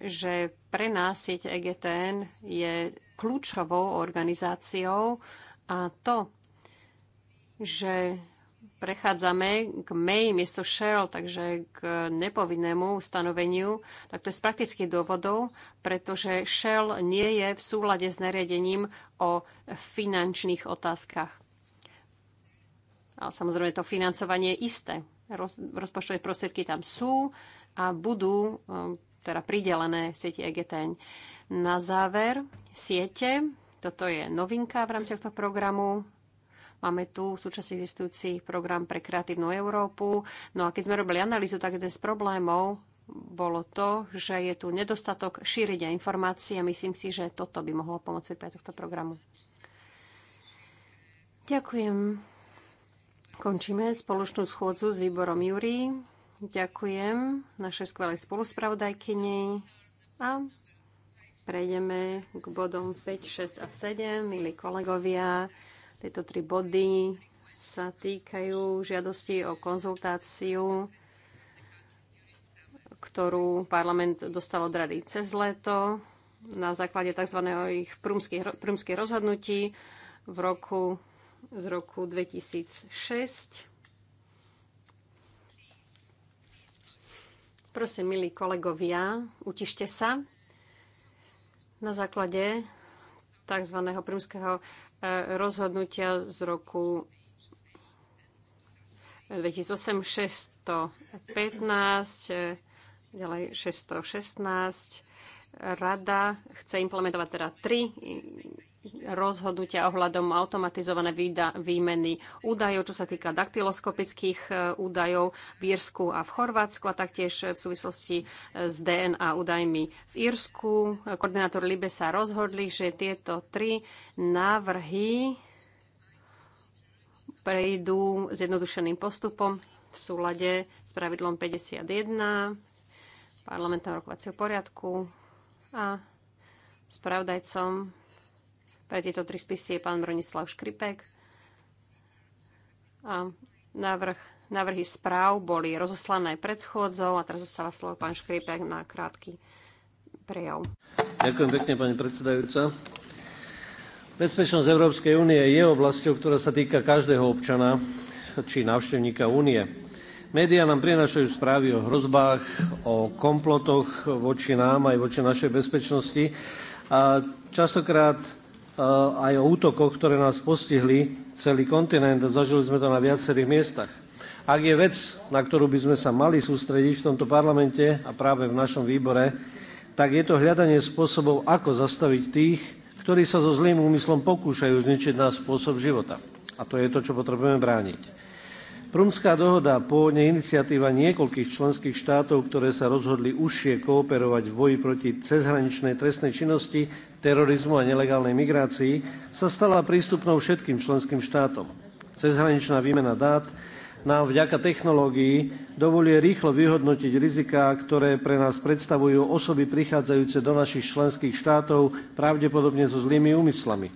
že pre nás sieť EGTN je kľúčovou organizáciou a to, že prechádzame k may miesto Shell, takže k nepovinnému ustanoveniu, tak to je z praktických dôvodov, pretože Shell nie je v súlade s nariadením o finančných otázkach. Ale samozrejme to financovanie je isté. rozpočtové prostriedky tam sú a budú teda pridelené sieti EGTN. Na záver, siete. Toto je novinka v rámci tohto programu. Máme tu súčasne existujúci program pre kreatívnu Európu. No a keď sme robili analýzu, tak jeden z problémov bolo to, že je tu nedostatok šírenia informácií a myslím si, že toto by mohlo pomôcť pri tohto programu. Ďakujem. Končíme spoločnú schôdzu s výborom Jurí. Ďakujem našej skvelej spoluspravodajkyni a prejdeme k bodom 5, 6 a 7. Milí kolegovia, tieto tri body sa týkajú žiadosti o konzultáciu, ktorú parlament dostal od rady cez leto na základe tzv. ich prúmskych, rozhodnutí v roku, z roku 2006 Prosím, milí kolegovia, utište sa. Na základe tzv. prímského e, rozhodnutia z roku 2008 615, e, ďalej 616, Rada chce implementovať teda tri rozhodnutia ohľadom automatizované výmeny údajov, čo sa týka daktyloskopických e, údajov v Írsku a v Chorvátsku a taktiež v súvislosti e, s DNA údajmi v Írsku. Koordinátor Libe sa rozhodli, že tieto tri návrhy prejdú zjednodušeným postupom v súlade s pravidlom 51 parlamentného rokovacieho poriadku a spravdajcom. Pre tieto tri spisy je pán Bronislav Škripek. A návrh, návrhy správ boli rozoslané pred schôdzou a teraz zostáva slovo pán Škripek na krátky prejav. Ďakujem pekne, pani predsedajúca. Bezpečnosť Európskej únie je oblasťou, ktorá sa týka každého občana či návštevníka únie. Média nám prinašajú správy o hrozbách, o komplotoch voči nám aj voči našej bezpečnosti a častokrát Eh, aj o útokoch, ktoré nás postihli celý kontinent. Zažili sme to na viacerých miestach. Ak je vec, na ktorú by sme sa mali sústrediť v tomto parlamente a práve v našom výbore, tak je to hľadanie spôsobov, ako zastaviť tých, ktorí sa so zlým úmyslom pokúšajú zničiť náš spôsob života. A to je to, čo potrebujeme brániť. Prúmská dohoda, pôvodne iniciatíva niekoľkých členských štátov, ktoré sa rozhodli užšie kooperovať v boji proti cezhraničnej trestnej činnosti, terorizmu a nelegálnej migrácii, sa stala prístupnou všetkým členským štátom. Cezhraničná výmena dát nám vďaka technológií dovoluje rýchlo vyhodnotiť riziká, ktoré pre nás predstavujú osoby prichádzajúce do našich členských štátov pravdepodobne so zlými úmyslami.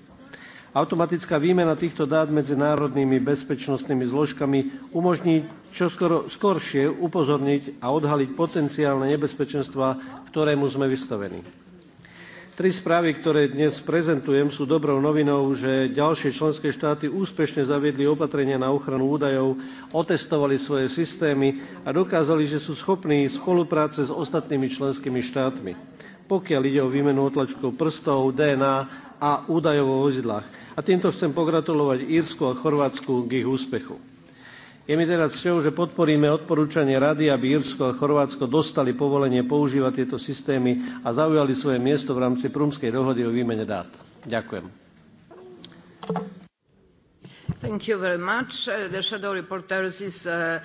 Automatická výmena týchto dát medzi národnými bezpečnostnými zložkami umožní skoro skoršie upozorniť a odhaliť potenciálne nebezpečenstva, ktorému sme vystavení. Tri správy, ktoré dnes prezentujem, sú dobrou novinou, že ďalšie členské štáty úspešne zaviedli opatrenia na ochranu údajov, otestovali svoje systémy a dokázali, že sú schopní spolupráce s ostatnými členskými štátmi pokiaľ ide o výmenu otlačkov prstov, DNA a údajov o vozidlách a týmto chcem pogratulovať Írsku a Chorvátsku k ich úspechu. Je mi teraz cťou, že podporíme odporúčanie Rady, aby Írsko a Chorvátsko dostali povolenie používať tieto systémy a zaujali svoje miesto v rámci Prúmskej dohody o výmene dát. Ďakujem. Thank you very much. Uh, the shadow reporters is uh...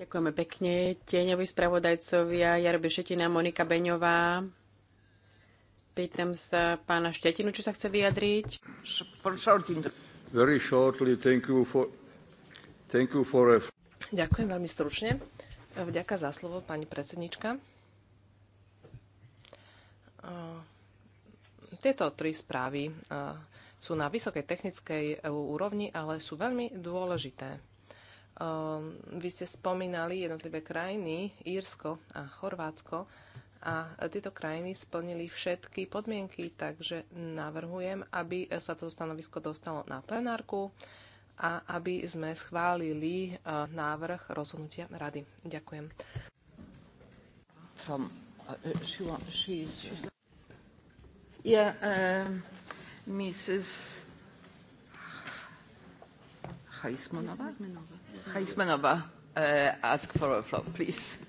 Ďakujeme pekne. tieňovi spravodajcovia Jarbe Šetina, Monika Beňová. Pýtam sa pána Štetinu, čo sa chce vyjadriť. Very shortly, thank you for, thank you for Ďakujem veľmi stručne. Vďaka za slovo, pani predsednička. Tieto tri správy sú na vysokej technickej e, úrovni, ale sú veľmi dôležité. Vy ste spomínali jednotlivé krajiny, Írsko a Chorvátsko, a tieto krajiny splnili všetky podmienky, takže navrhujem, aby sa to stanovisko dostalo na plenárku a aby sme schválili e, návrh rozhodnutia rady. Ďakujem. From, uh, she want, she's, yeah, um, Mrs. Heismanova? Heismanova, uh, ask for a floor, please.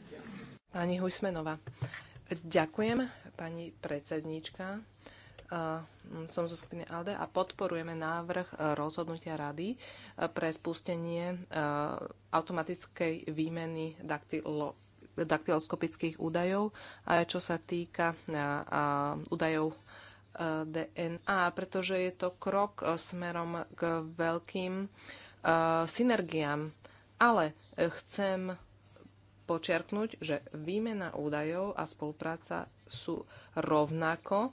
Pani Hujsmenová. Ďakujem, pani predsedníčka. Mm, som zo skupiny ALDE a podporujeme návrh e, rozhodnutia rady e, pre spustenie e, automatickej výmeny daktyloskopických údajov, čo sa týka údajov DNA, pretože je to krok smerom k veľkým synergiám. Ale chcem počiarknúť, že výmena údajov a spolupráca sú rovnako e,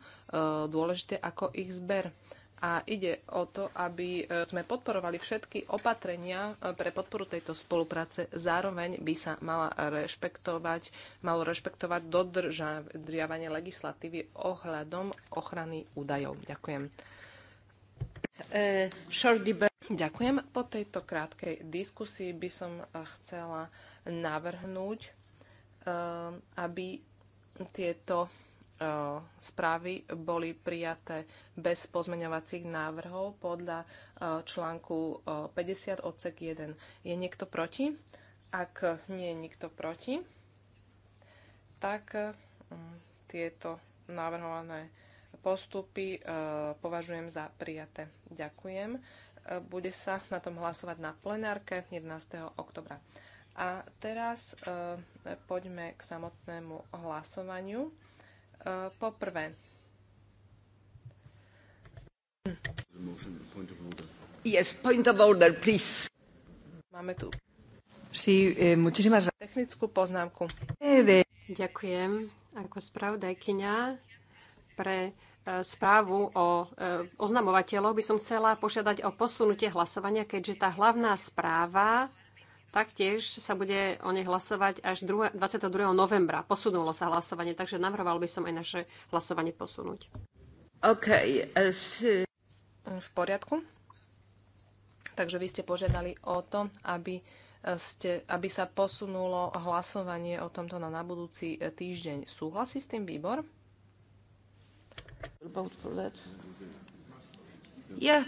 dôležité ako ich zber. A ide o to, aby e, sme podporovali všetky opatrenia e, pre podporu tejto spolupráce. Zároveň by sa mala rešpektovať, malo rešpektovať dodržiavanie legislatívy ohľadom ochrany údajov. Ďakujem. Ďakujem. Po tejto krátkej diskusii by som chcela navrhnúť, eh, aby tieto eh, správy boli prijaté bez pozmeňovacích návrhov podľa eh, článku 50 odsek 1. Je niekto proti? Ak nie je nikto proti, tak mm, tieto navrhované postupy považujem za prijaté. Ďakujem. Bude sa na tom hlasovať na plenárke 11. oktobra. A teraz e, poďme k samotnému hlasovaniu. E, poprvé. Yes, point of order, please. Máme tu Sí, eh, muchísimas Technickú poznámku. Ďakujem ako spravodajkyňa pre e, správu o oznamovateľov by som chcela požiadať o posunutie hlasovania, keďže tá hlavná správa Taktiež sa bude o nej hlasovať až 22. novembra. Posunulo sa hlasovanie, takže navrhoval by som aj naše hlasovanie posunúť. OK. V poriadku. Takže vy ste požiadali o to, aby, e, ste, aby sa posunulo hlasovanie o tomto na, na budúci e, týždeň. Súhlasí s tým výbor? Yeah.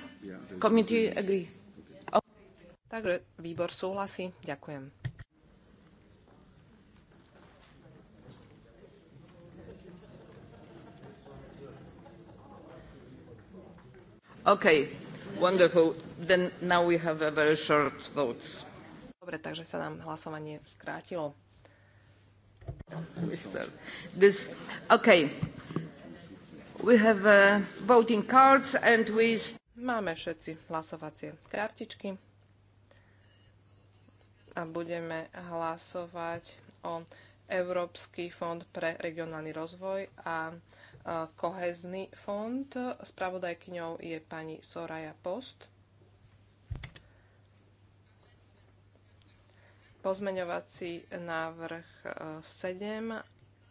Committee agree. Takže výbor súhlasí. Ďakujem. OK, wonderful. Then now we have a very short vote. Dobre, takže sa nám hlasovanie skrátilo. This, okay. We have uh, voting cards and we... Máme všetci hlasovacie kartičky a budeme hlasovať o Európsky fond pre regionálny rozvoj a kohezný fond. Spravodajkyňou je pani Soraya Post. Pozmeňovací návrh 7 e,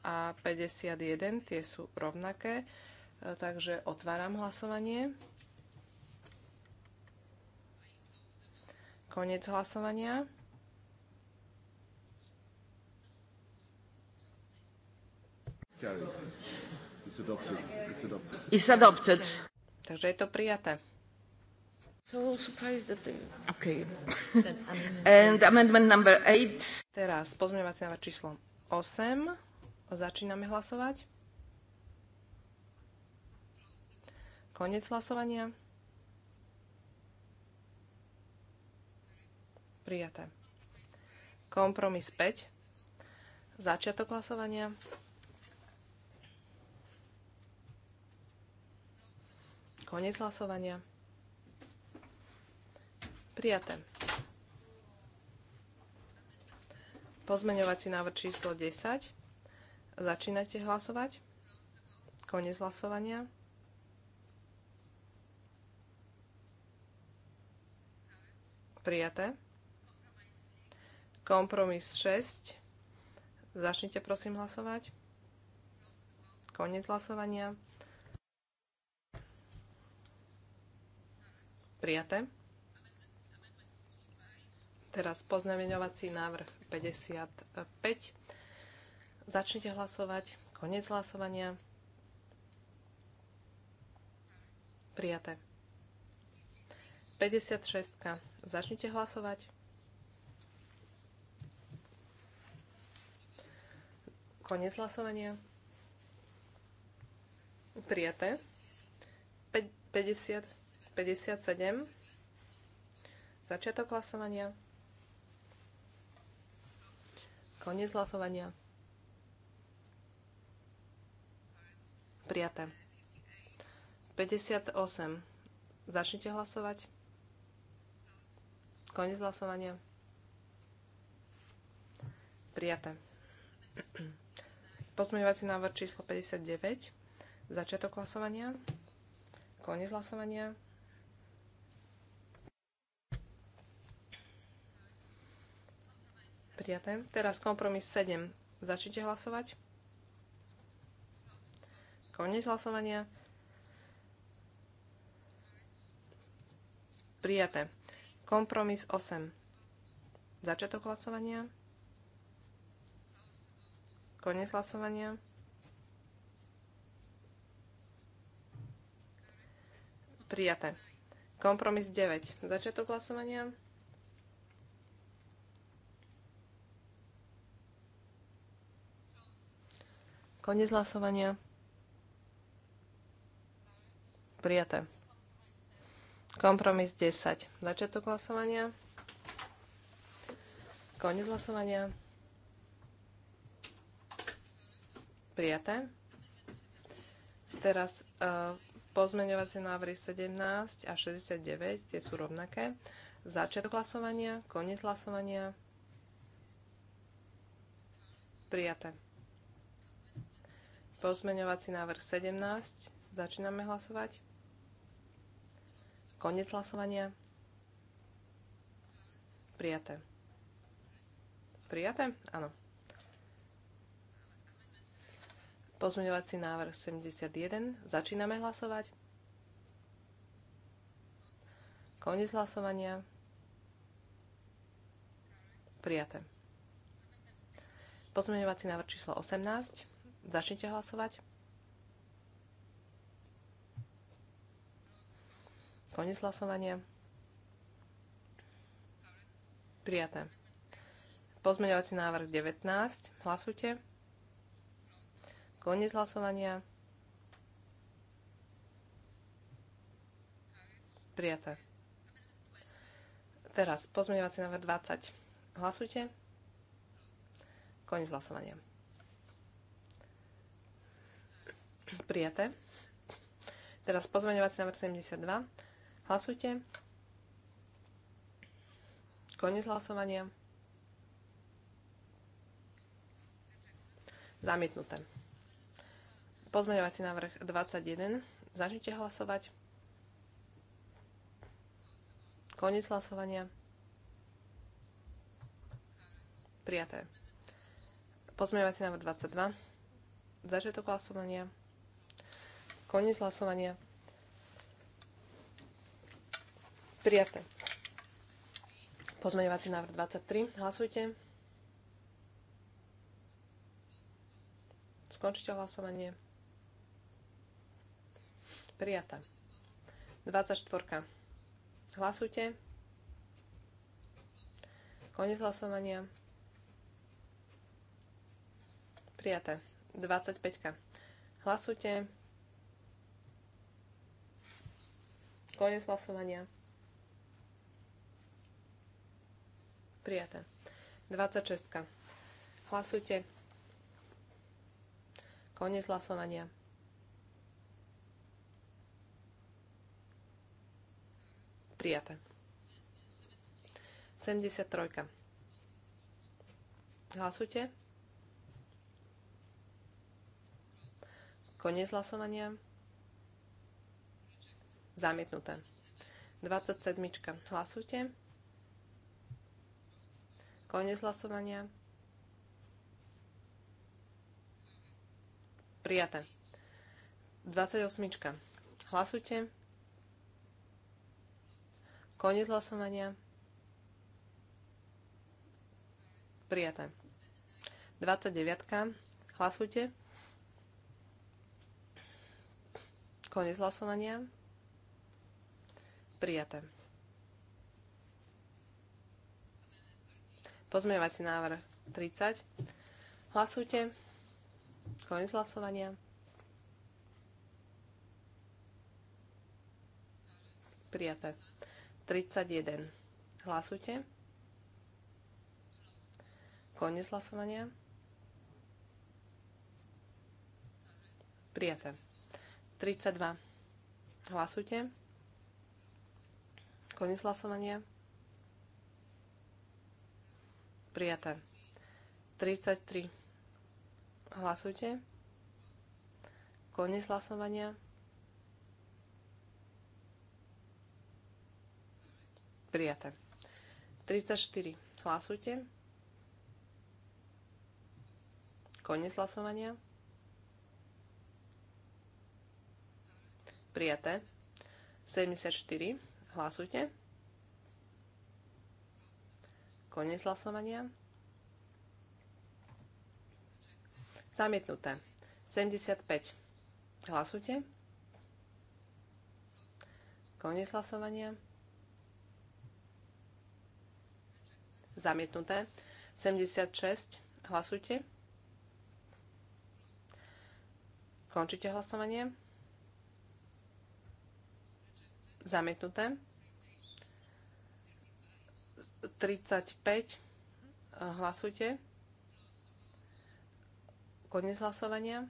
a 51, tie sú rovnaké, e, takže otváram hlasovanie. Konec hlasovania. It's adopted. It's adopted. It's adopted. Takže je to prijaté. So surprised that they... Okay. And amendment number 8. Teraz pozmeňovací návrh číslo 8. Začíname hlasovať. Konec hlasovania. Prijaté. Kompromis 5. Začiatok hlasovania. Koniec hlasovania. Prijaté. Pozmeňovací návrh číslo 10. Začínajte hlasovať. Koniec hlasovania. Prijaté. Kompromis 6. Začnite prosím hlasovať. Koniec hlasovania. Prijaté. Teraz poznamenovací návrh 55. Začnite hlasovať. Konec hlasovania. Prijaté. 56. Začnite hlasovať. Konec hlasovania. Prijaté. 50. 57. Začiatok hlasovania. Koniec hlasovania. Prijaté. 58. Začnite hlasovať. Koniec hlasovania. Prijaté. Pozmeňovací návrh číslo 59. Začiatok hlasovania. Koniec hlasovania. prijaté. Teraz kompromis 7. Začnite hlasovať. Koniec hlasovania. Prijaté. Kompromis 8. Začiatok hlasovania. Koniec hlasovania. Prijaté. Kompromis 9. Začiatok hlasovania. Konec hlasovania. Prijaté. Kompromis 10. Začiatok hlasovania. Konec hlasovania. Prijaté. Teraz uh, pozmeňovacie návrhy 17 a 69, tie sú rovnaké. Začiatok hlasovania, koniec hlasovania. Prijaté. Pozmeňovací návrh 17. Začíname hlasovať. Konec hlasovania. Prijaté. Prijaté? Áno. Pozmeňovací návrh 71. Začíname hlasovať. Konec hlasovania. Prijaté. Pozmeňovací návrh číslo 18. Začnite hlasovať. Koniec hlasovania. Prijaté. Pozmeňovací návrh 19. Hlasujte. Koniec hlasovania. Prijaté. Teraz pozmeňovací návrh 20. Hlasujte. Koniec hlasovania. Prijaté. Teraz pozmeňovací návrh 72. Hlasujte. Koniec hlasovania. Zamietnuté. Pozmeňovací návrh 21. Začnite hlasovať. Koniec hlasovania. Prijaté. Pozmeňovací návrh 22. Začiatok hlasovania. Koniec hlasovania. Prijaté. Pozmeňovací návrh 23. Hlasujte. Skončite hlasovanie. Prijaté. 24. Hlasujte. Koniec hlasovania. Prijaté. 25. Hlasujte. Konec hlasovania. Prijaté. 26. Hlasujte. Konec hlasovania. Prijaté. 73. Hlasujte. Konec hlasovania. Zamietnuté. 27. Hlasujte. Konec hlasovania. Prijaté. 28. Hlasujte. Konec hlasovania. Prijaté. 29. Hlasujte. Konec hlasovania. Prijaté. Pozmeňovací návrh 30. Hlasujte. Koniec hlasovania. Prijaté. 31. Hlasujte. Koniec hlasovania. Prijaté. 32. Hlasujte. Koniec hlasovania. Prijaté. 33. Hlasujte. Koniec hlasovania. Prijaté. 34. Hlasujte. Koniec hlasovania. Prijaté. 74. Hlasujte. Konec hlasovania. Zamietnuté. 75. Hlasujte. Konec hlasovania. Zamietnuté. 76. Hlasujte. Končite hlasovanie. Zamietnuté. 35. Hlasujte. Konec hlasovania.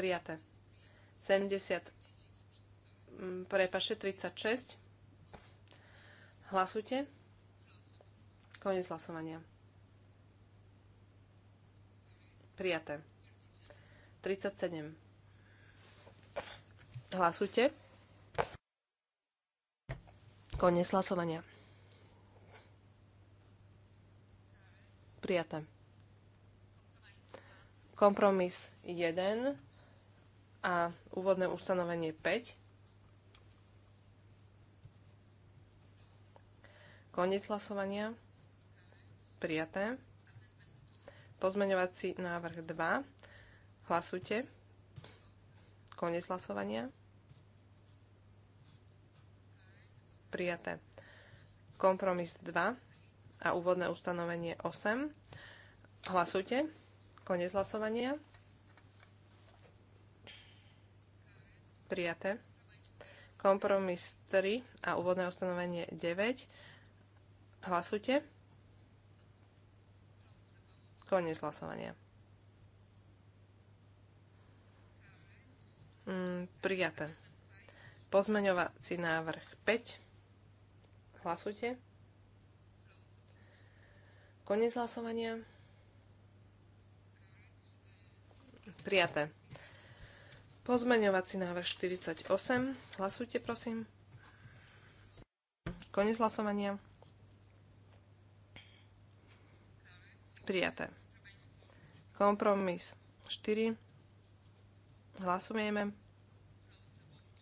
Prijaté. 70. Prepašte, 36. Hlasujte. Konec hlasovania. Prijaté. 37. Hlasujte. Koniec hlasovania. Prijaté. Kompromis 1 a úvodné ustanovenie 5. Koniec hlasovania. Prijaté. Pozmeňovací návrh 2. Hlasujte. Koniec hlasovania. prijaté. Kompromis 2 a úvodné ustanovenie 8. Hlasujte. Konec hlasovania. Prijaté. Kompromis 3 a úvodné ustanovenie 9. Hlasujte. Koniec hlasovania. Mm, prijaté. Pozmeňovací návrh 5. Hlasujte. Konec hlasovania. Prijaté. Pozmeňovací návrh 48. Hlasujte, prosím. Konec hlasovania. Prijaté. Kompromis 4. Hlasujeme.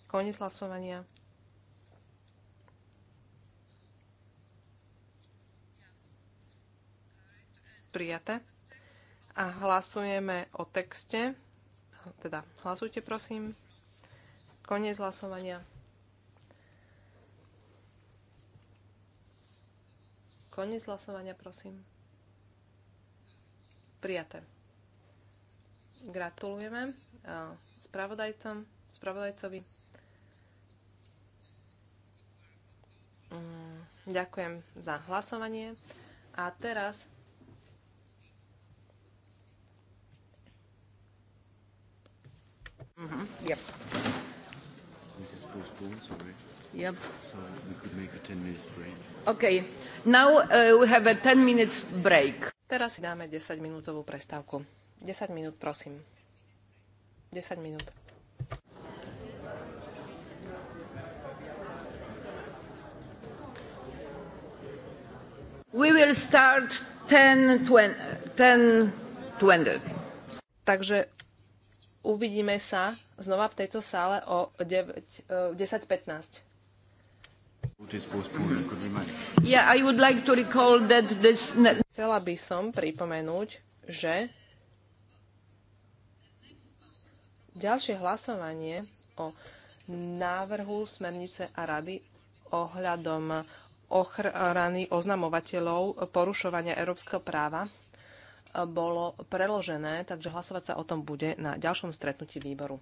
Konec hlasovania. prijaté. A hlasujeme o texte. Teda hlasujte prosím. Koniec hlasovania. Koniec hlasovania prosím. Prijaté. Gratulujeme eh, spravodajcom, spravodajcovi. Mm, ďakujem za hlasovanie. A teraz Mm-hmm. Yep. This is postponed, sorry. Yep. So we could make a 10 minutes break. Okay. Now uh, we have a 10 minutes break. Teraz si dáme 10 minútovú prestávku. 10 minút, prosím. 10 minút. We will start 10, 20, 10, 20. Takže uvidíme sa znova v tejto sále o 10.15. E, yeah, like this... Chcela by som pripomenúť, že ďalšie hlasovanie o návrhu smernice a rady ohľadom ochrany oznamovateľov porušovania európskeho práva bolo preložené, takže hlasovať sa o tom bude na ďalšom stretnutí výboru.